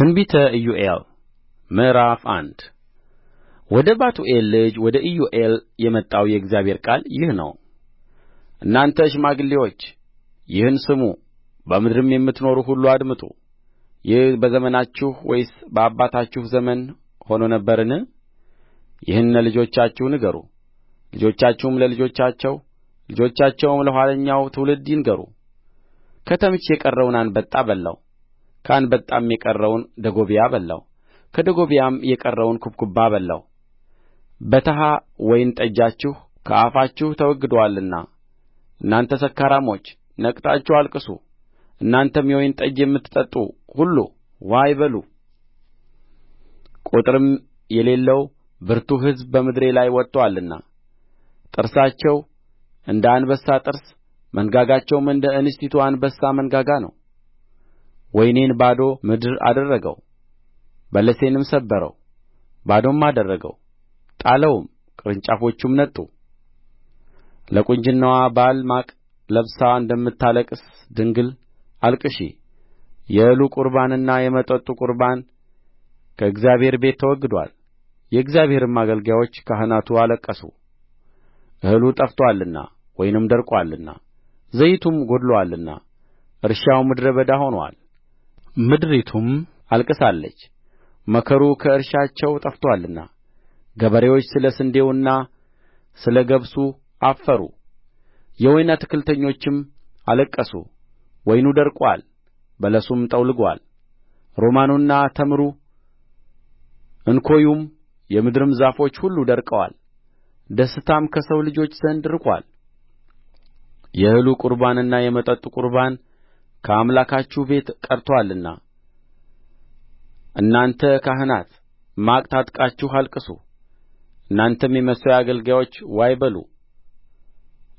ትንቢተ ኢዩኤል ምዕራፍ አንድ ወደ ባቱኤል ልጅ ወደ ኢዮኤል የመጣው የእግዚአብሔር ቃል ይህ ነው እናንተ ሽማግሌዎች ይህን ስሙ በምድርም የምትኖሩ ሁሉ አድምጡ ይህ በዘመናችሁ ወይስ በአባታችሁ ዘመን ሆኖ ነበርን ይህን ለልጆቻችሁ ንገሩ ልጆቻችሁም ለልጆቻቸው ልጆቻቸውም ለኋለኛው ትውልድ ይንገሩ ከተምች የቀረውን አንበጣ በላው ከአንበጣም የቀረውን ደጎብያ በላው ከደጎብያም የቀረውን ኩብኩባ በላው በተሃ ወይን ጠጃችሁ ከአፋችሁ ተወግዶአልና እናንተ ሰካራሞች ነቅታችሁ አልቅሱ እናንተም የወይን ጠጅ የምትጠጡ ሁሉ ዋይ በሉ ቍጥርም የሌለው ብርቱ ሕዝብ በምድሬ ላይ ወጥቶአልና ጥርሳቸው እንደ አንበሳ ጥርስ መንጋጋቸውም እንደ እንስቲቱ አንበሳ መንጋጋ ነው ወይኔን ባዶ ምድር አደረገው በለሴንም ሰበረው ባዶም አደረገው ጣለውም ቅርንጫፎቹም ነጡ ለቍንጅናዋ ባል ማቅ ለብሳ እንደምታለቅስ ድንግል አልቅሺ የእህሉ ቍርባንና የመጠጡ ቍርባን ከእግዚአብሔር ቤት ተወግዶአል የእግዚአብሔርም አገልጋዮች ካህናቱ አለቀሱ እህሉ ጠፍቶአልና ወይኑም ደርቆአልና ዘይቱም ጐድሎአልና እርሻው ምድረ በዳ ሆኖአል ምድሪቱም አልቅሳለች መከሩ ከእርሻቸው ጠፍቶአልና ገበሬዎች ስለ ስንዴውና ስለ ገብሱ አፈሩ የወይን አትክልተኞችም አለቀሱ ወይኑ ደርቆአል በለሱም ጠውልጎአል ሮማኑና ተምሩ እንኮዩም የምድርም ዛፎች ሁሉ ደርቀዋል ደስታም ከሰው ልጆች ዘንድ ርቆአል የእህሉ ቍርባንና የመጠጡ ቍርባን ከአምላካችሁ ቤት ቀርቶአልና እናንተ ካህናት ማቅ ታጥቃችሁ አልቅሱ እናንተም የመሠዊያ አገልጋዮች ዋይ በሉ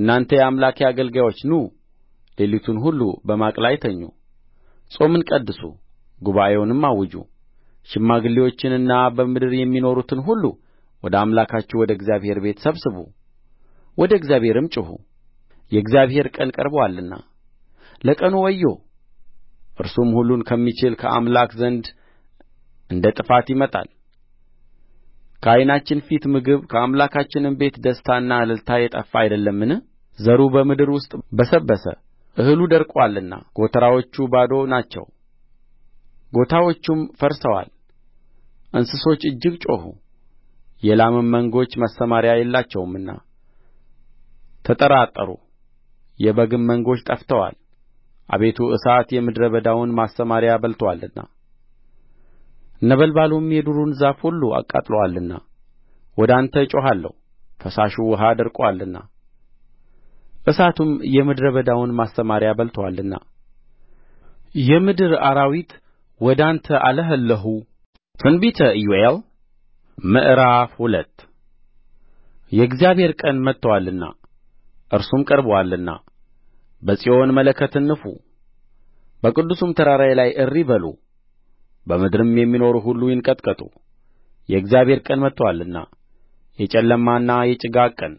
እናንተ የአምላኬ አገልጋዮች ኑ ሌሊቱን ሁሉ በማቅ ላይ ተኙ ጾምን ቀድሱ ጉባኤውንም አውጁ ሽማግሌዎችንና በምድር የሚኖሩትን ሁሉ ወደ አምላካችሁ ወደ እግዚአብሔር ቤት ሰብስቡ ወደ እግዚአብሔርም ጩኹ የእግዚአብሔር ቀን ቀርቦአልና ለቀኑ ወዮ እርሱም ሁሉን ከሚችል ከአምላክ ዘንድ እንደ ጥፋት ይመጣል ከዓይናችን ፊት ምግብ ከአምላካችንም ቤት ደስታና እልልታ የጠፋ አይደለምን ዘሩ በምድር ውስጥ በሰበሰ እህሉ ደርቆአልና ጎተራዎቹ ባዶ ናቸው ጎታዎቹም ፈርሰዋል እንስሶች እጅግ ጮኹ የላምም መንጎች ማሰማሪያ የላቸውምና ተጠራጠሩ የበግም መንጎች ጠፍተዋል አቤቱ እሳት የምድረ በዳውን ማሰማርያ በልቶአልና ነበልባሉም የዱሩን ዛፍ ሁሉ አቃጥሎአልና ወደ አንተ እጮኻለሁ ፈሳሹ ውኃ ደርቆአልና እሳቱም የምድረ በዳውን ማሰማርያ በልቶአልና የምድር አራዊት ወደ አንተ አለኸለኩ። ትንቢተ ኢዮኤል ምዕራፍ ሁለት የእግዚአብሔር ቀን መጥቶአልና እርሱም ቀርቦአልና በጽዮን መለከትን ንፉ በቅዱሱም ተራራዬ ላይ እሪ በሉ በምድርም የሚኖሩ ሁሉ ይንቀጥቀጡ የእግዚአብሔር ቀን መጥቶአልና የጨለማና የጭጋግ ቀን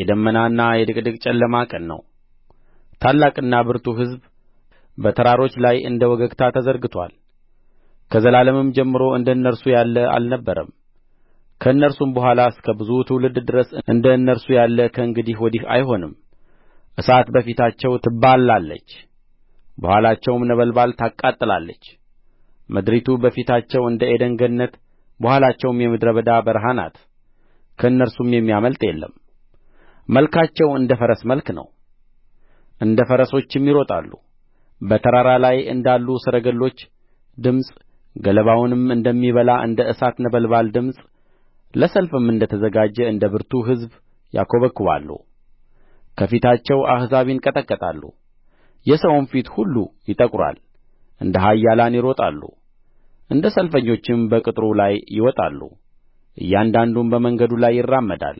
የደመናና የድቅድቅ ጨለማ ቀን ነው ታላቅና ብርቱ ሕዝብ በተራሮች ላይ እንደ ወገግታ ተዘርግቶአል ከዘላለምም ጀምሮ እንደ እነርሱ ያለ አልነበረም ከእነርሱም በኋላ እስከ ብዙ ትውልድ ድረስ እንደ እነርሱ ያለ ከእንግዲህ ወዲህ አይሆንም እሳት በፊታቸው ትባላለች በኋላቸውም ነበልባል ታቃጥላለች ምድሪቱ በፊታቸው እንደ ዔድን ገነት በኋላቸውም የምድረ በዳ በረሃ ናት ከእነርሱም የሚያመልጥ የለም መልካቸው እንደ ፈረስ መልክ ነው እንደ ፈረሶችም ይሮጣሉ በተራራ ላይ እንዳሉ ሰረገሎች ድምፅ ገለባውንም እንደሚበላ እንደ እሳት ነበልባል ድምፅ ለሰልፍም እንደ ተዘጋጀ እንደ ብርቱ ሕዝብ ያኰበኵባሉ ከፊታቸው አሕዛብ ይንቀጠቀጣሉ የሰውም ፊት ሁሉ ይጠቁራል እንደ ኃያላን ይሮጣሉ እንደ ሰልፈኞችም በቅጥሩ ላይ ይወጣሉ እያንዳንዱም በመንገዱ ላይ ይራመዳል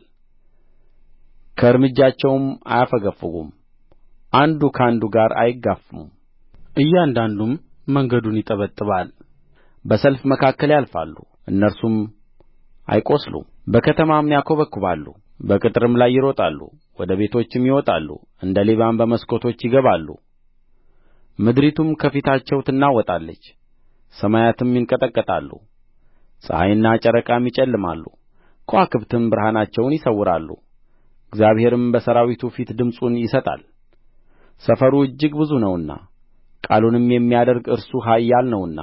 ከእርምጃቸውም አያፈገፍጉም አንዱ ከአንዱ ጋር አይጋፉም እያንዳንዱም መንገዱን ይጠበጥባል በሰልፍ መካከል ያልፋሉ እነርሱም አይቈስሉም በከተማም ያኰበኵባሉ በቅጥርም ላይ ይሮጣሉ ወደ ቤቶችም ይወጣሉ እንደ ሌባም በመስኮቶች ይገባሉ ምድሪቱም ከፊታቸው ትናወጣለች ሰማያትም ይንቀጠቀጣሉ ፀሐይና ጨረቃም ይጨልማሉ ከዋክብትም ብርሃናቸውን ይሰውራሉ እግዚአብሔርም በሠራዊቱ ፊት ድምፁን ይሰጣል ሰፈሩ እጅግ ብዙ ነውና ቃሉንም የሚያደርግ እርሱ ኃያል ነውና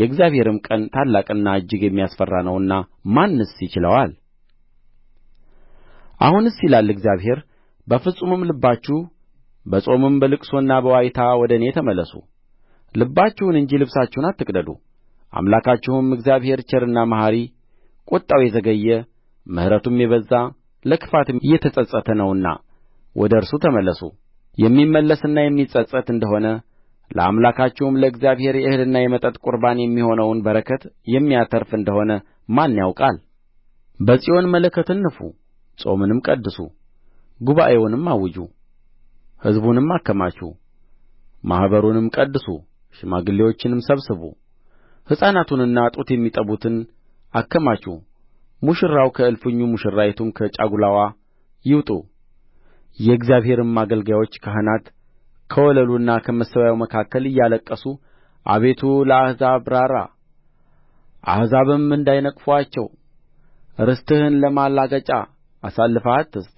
የእግዚአብሔርም ቀን ታላቅና እጅግ የሚያስፈራ ነውና ማንስ ይችለዋል አሁንስ ይላል እግዚአብሔር በፍጹምም ልባችሁ በጾምም በልቅሶና በዋይታ ወደ እኔ ተመለሱ ልባችሁን እንጂ ልብሳችሁን አትቅደዱ አምላካችሁም እግዚአብሔር ቸርና መሐሪ ቍጣው የዘገየ ምሕረቱም የበዛ ለክፋትም የተጸጸተ ነውና ወደ እርሱ ተመለሱ የሚመለስና የሚጸጸት እንደ ሆነ ለአምላካችሁም ለእግዚአብሔር የእህልና የመጠጥ ቍርባን የሚሆነውን በረከት የሚያተርፍ እንደ ሆነ ማን ያውቃል በጽዮን መለከትን ንፉ ጾምንም ቀድሱ ጉባኤውንም አውጁ ሕዝቡንም አከማቹ ማኅበሩንም ቀድሱ ሽማግሌዎችንም ሰብስቡ ሕፃናቱንና ጡት የሚጠቡትን አከማቹ ሙሽራው ከእልፍኙ ሙሽራይቱም ከጫጉላዋ ይውጡ የእግዚአብሔርም አገልጋዮች ካህናት ከወለሉና ከመሠዊያው መካከል እያለቀሱ አቤቱ ለአሕዛብ ራራ አሕዛብም እንዳይነቅፉአቸው ርስትህን ለማላገጫ አሳልፈህ አትስጥ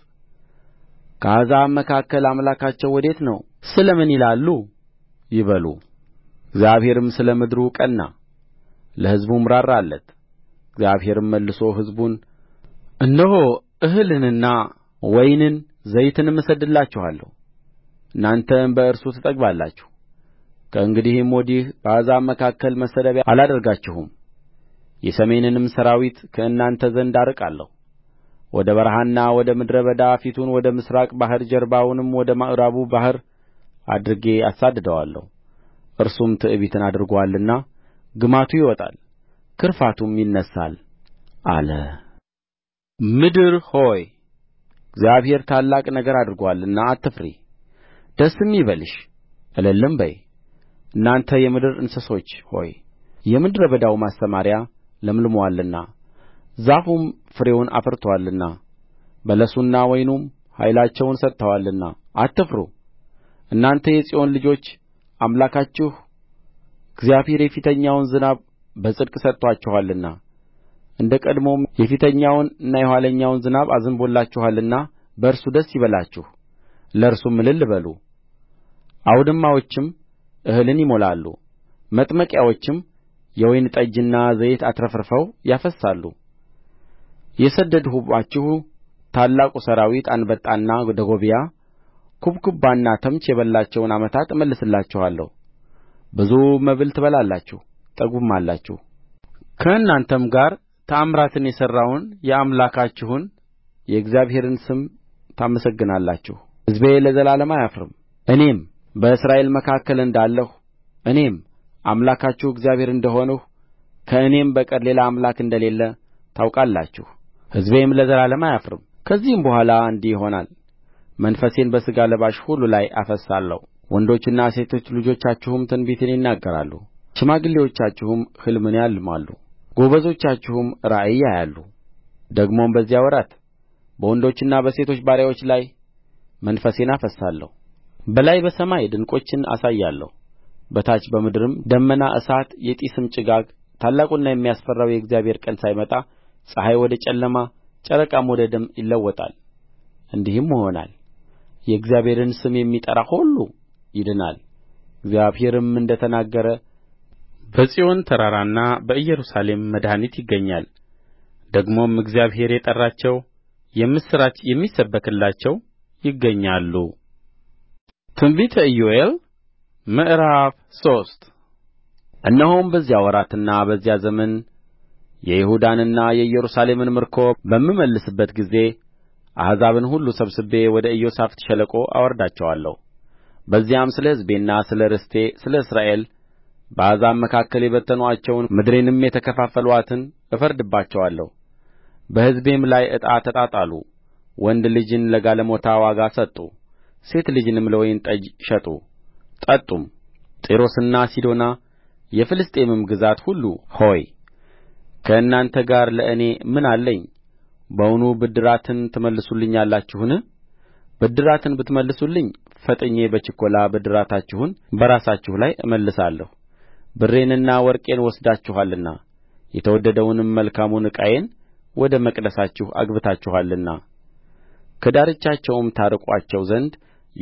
ከአሕዛብ መካከል አምላካቸው ወዴት ነው ስለ ምን ይላሉ ይበሉ እግዚአብሔርም ስለ ምድሩ ቀና ለሕዝቡም ራራለት እግዚአብሔርም መልሶ ሕዝቡን እነሆ እህልንና ወይንን ዘይትንም እሰድድላችኋለሁ እናንተም በእርሱ ትጠግባላችሁ ከእንግዲህም ወዲህ በአሕዛብ መካከል መሰደቢያ አላደርጋችሁም የሰሜንንም ሠራዊት ከእናንተ ዘንድ አርቃለሁ ወደ በረሃና ወደ ምድረ በዳ ፊቱን ወደ ምሥራቅ ባሕር ጀርባውንም ወደ ምዕራቡ ባሕር አድርጌ አሳድደዋለሁ እርሱም ትዕቢትን አድርጎአልና ግማቱ ይወጣል ክርፋቱም ይነሣል አለ ምድር ሆይ እግዚአብሔር ታላቅ ነገር አድርጎአልና አትፍሪ ደስም ይበልሽ እልልም በይ እናንተ የምድር እንስሶች ሆይ የምድረ በዳው ማሰማርያ ለምልሞአልና ዛፉም ፍሬውን አፍርቶአልና በለሱና ወይኑም ኃይላቸውን ሰጥተዋልና አትፍሩ እናንተ የጽዮን ልጆች አምላካችሁ እግዚአብሔር የፊተኛውን ዝናብ በጽድቅ ሰጥቶአችኋልና እንደ ቀድሞውም የፊተኛውንና የኋለኛውን ዝናብ አዝንቦላችኋልና በእርሱ ደስ ይበላችሁ ለእርሱም እልል በሉ አውድማዎችም እህልን ይሞላሉ መጥመቂያዎችም የወይን ጠጅና ዘይት አትረፍርፈው ያፈስሳሉ የሰደድሁባችሁ ታላቁ ሠራዊት አንበጣና ደጎብያ ኩብኩባና ተምች የበላቸውን ዓመታት እመልስላችኋለሁ ብዙ መብል ትበላላችሁ ትጠግቡማላችሁ ከእናንተም ጋር ተአምራትን የሠራውን የአምላካችሁን የእግዚአብሔርን ስም ታመሰግናላችሁ ሕዝቤ ለዘላለም አያፍርም እኔም በእስራኤል መካከል እንዳለሁ እኔም አምላካችሁ እግዚአብሔር እንደ ሆንሁ ከእኔም በቀር ሌላ አምላክ እንደሌለ ታውቃላችሁ ሕዝቤም ለዘላለም አያፍርም ከዚህም በኋላ እንዲህ ይሆናል መንፈሴን በሥጋ ለባሽ ሁሉ ላይ አፈስሳለሁ ወንዶችና ሴቶች ልጆቻችሁም ትንቢትን ይናገራሉ ሽማግሌዎቻችሁም ሕልምን ያልማሉ ጐበዞቻችሁም ራእይ ያያሉ ደግሞም በዚያ ወራት በወንዶችና በሴቶች ባሪያዎች ላይ መንፈሴን አፈስሳለሁ በላይ በሰማይ ድንቆችን አሳያለሁ በታች በምድርም ደመና እሳት የጢስም ጭጋግ ታላቁና የሚያስፈራው የእግዚአብሔር ቀን ሳይመጣ ፀሐይ ወደ ጨለማ ጨረቃም ወደ ደም ይለወጣል እንዲህም ይሆናል የእግዚአብሔርን ስም የሚጠራ ሁሉ ይድናል እግዚአብሔርም እንደ ተናገረ በጽዮን ተራራና በኢየሩሳሌም መድኃኒት ይገኛል ደግሞም እግዚአብሔር የጠራቸው የምሥራች የሚሰበክላቸው ይገኛሉ። ትንቢተ ኢዮኤል ምዕራፍ ሶስት እነሆም በዚያ ወራትና በዚያ ዘመን የይሁዳንና የኢየሩሳሌምን ምርኮ በምመልስበት ጊዜ አሕዛብን ሁሉ ሰብስቤ ወደ ኢዮሣፍጥ ሸለቆ አወርዳቸዋለሁ በዚያም ስለ ሕዝቤና ስለ ርስቴ ስለ እስራኤል በአሕዛብ መካከል የበተኑአቸውን ምድሬንም የተካፈሉአትን እፈርድባቸዋለሁ በሕዝቤም ላይ ዕጣ ተጣጣሉ ወንድ ልጅን ለጋለሞታ ዋጋ ሰጡ ሴት ልጅንም ለወይን ጠጅ ሸጡ ጠጡም ጢሮስና ሲዶና የፍልስጥኤምም ግዛት ሁሉ ሆይ ከእናንተ ጋር ለእኔ ምን አለኝ በውኑ ብድራትን ትመልሱልኛላችሁን ብድራትን ብትመልሱልኝ ፈጥኜ በችኰላ ብድራታችሁን በራሳችሁ ላይ እመልሳለሁ ብሬንና ወርቄን ወስዳችኋልና የተወደደውንም መልካሙን ዕቃዬን ወደ መቅደሳችሁ አግብታችኋልና ከዳርቻቸውም ታርቁአቸው ዘንድ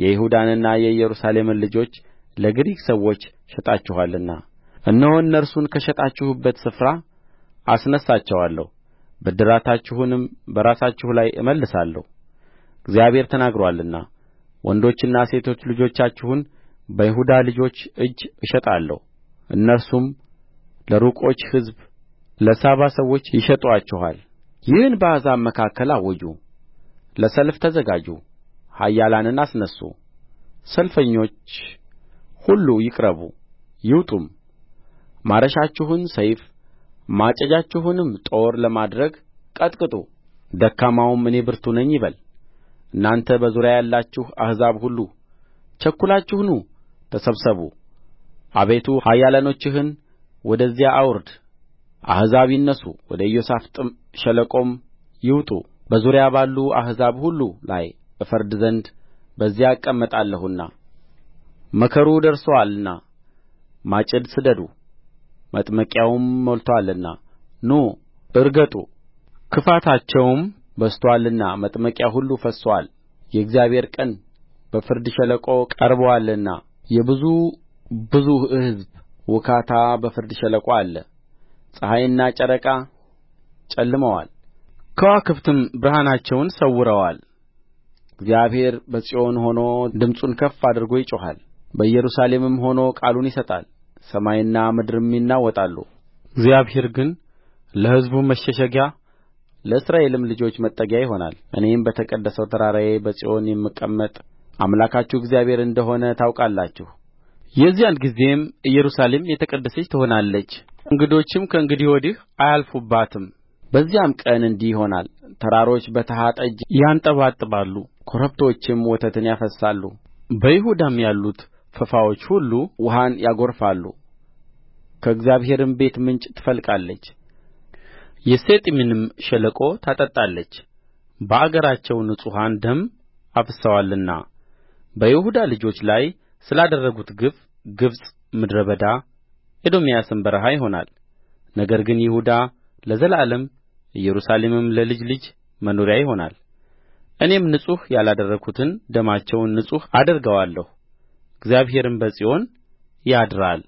የይሁዳንና የኢየሩሳሌምን ልጆች ለግሪክ ሰዎች ሸጣችኋልና እነሆ እነርሱን ከሸጣችሁበት ስፍራ አስነሣቸዋለሁ ብድራታችሁንም በራሳችሁ ላይ እመልሳለሁ እግዚአብሔር ተናግሮአልና ወንዶችና ሴቶች ልጆቻችሁን በይሁዳ ልጆች እጅ እሸጣለሁ እነርሱም ለሩቆች ሕዝብ ለሳባ ሰዎች ይሸጡአችኋል ይህን በአሕዛብ መካከል አውጁ ለሰልፍ ተዘጋጁ ኃያላንን አስነሡ ሰልፈኞች ሁሉ ይቅረቡ ይውጡም ማረሻችሁን ሰይፍ ማጭዳችሁንም ጦር ለማድረግ ቀጥቅጡ ደካማውም እኔ ብርቱ ነኝ ይበል እናንተ በዙሪያ ያላችሁ አሕዛብ ሁሉ ቸኵላችሁ ኑ ተሰብሰቡ አቤቱ ኃያላኖችህን ወደዚያ አውርድ አሕዛብ ይነሡ ወደ ኢዮሣፍጥም ሸለቆም ይውጡ በዙሪያ ባሉ አሕዛብ ሁሉ ላይ እፈርድ ዘንድ በዚያ እቀመጣለሁና መከሩ ደርሶአልና ማጭድ ስደዱ መጥመቂያውም ሞልቶአልና ኑ እርገጡ ክፋታቸውም በዝቶአልና መጥመቂያ ሁሉ ፈስሶአል የእግዚአብሔር ቀን በፍርድ ሸለቆ ቀርቦአልና የብዙ ብዙ ሕዝብ ውካታ በፍርድ ሸለቆ አለ ፀሐይና ጨረቃ ጨልመዋል ከዋክብትም ብርሃናቸውን ሰውረዋል እግዚአብሔር በጽዮን ሆኖ ድምፁን ከፍ አድርጎ ይጮኻል በኢየሩሳሌምም ሆኖ ቃሉን ይሰጣል ሰማይና ምድርም ይናወጣሉ እግዚአብሔር ግን ለሕዝቡ መሸሸጊያ ለእስራኤልም ልጆች መጠጊያ ይሆናል እኔም በተቀደሰው ተራራዬ በጽዮን የምቀመጥ አምላካችሁ እግዚአብሔር እንደ ሆንሁ ታውቃላችሁ የዚያን ጊዜም ኢየሩሳሌም የተቀደሰች ትሆናለች እንግዶችም ከእንግዲህ ወዲህ አያልፉባትም በዚያም ቀን እንዲህ ይሆናል ተራሮች በተሃ ጠጅ ያንጠባጥባሉ ኮረብቶችም ወተትን ያፈስሳሉ በይሁዳም ያሉት ፈፋዎች ሁሉ ውኃን ያጐርፋሉ ከእግዚአብሔርም ቤት ምንጭ ትፈልቃለች የሰጢምንም ሸለቆ ታጠጣለች በአገራቸው ንጹሑን ደም አፍስሰዋልና በይሁዳ ልጆች ላይ ስላደረጉት ግፍ ግብጽ ምድረ በዳ ኤዶምያስም በረሃ ይሆናል ነገር ግን ይሁዳ ለዘላለም ኢየሩሳሌምም ለልጅ ልጅ መኖሪያ ይሆናል እኔም ንጹሕ ያላደረግሁትን ደማቸውን ንጹሕ አደርገዋለሁ እግዚአብሔርም በጽዮን ያድራል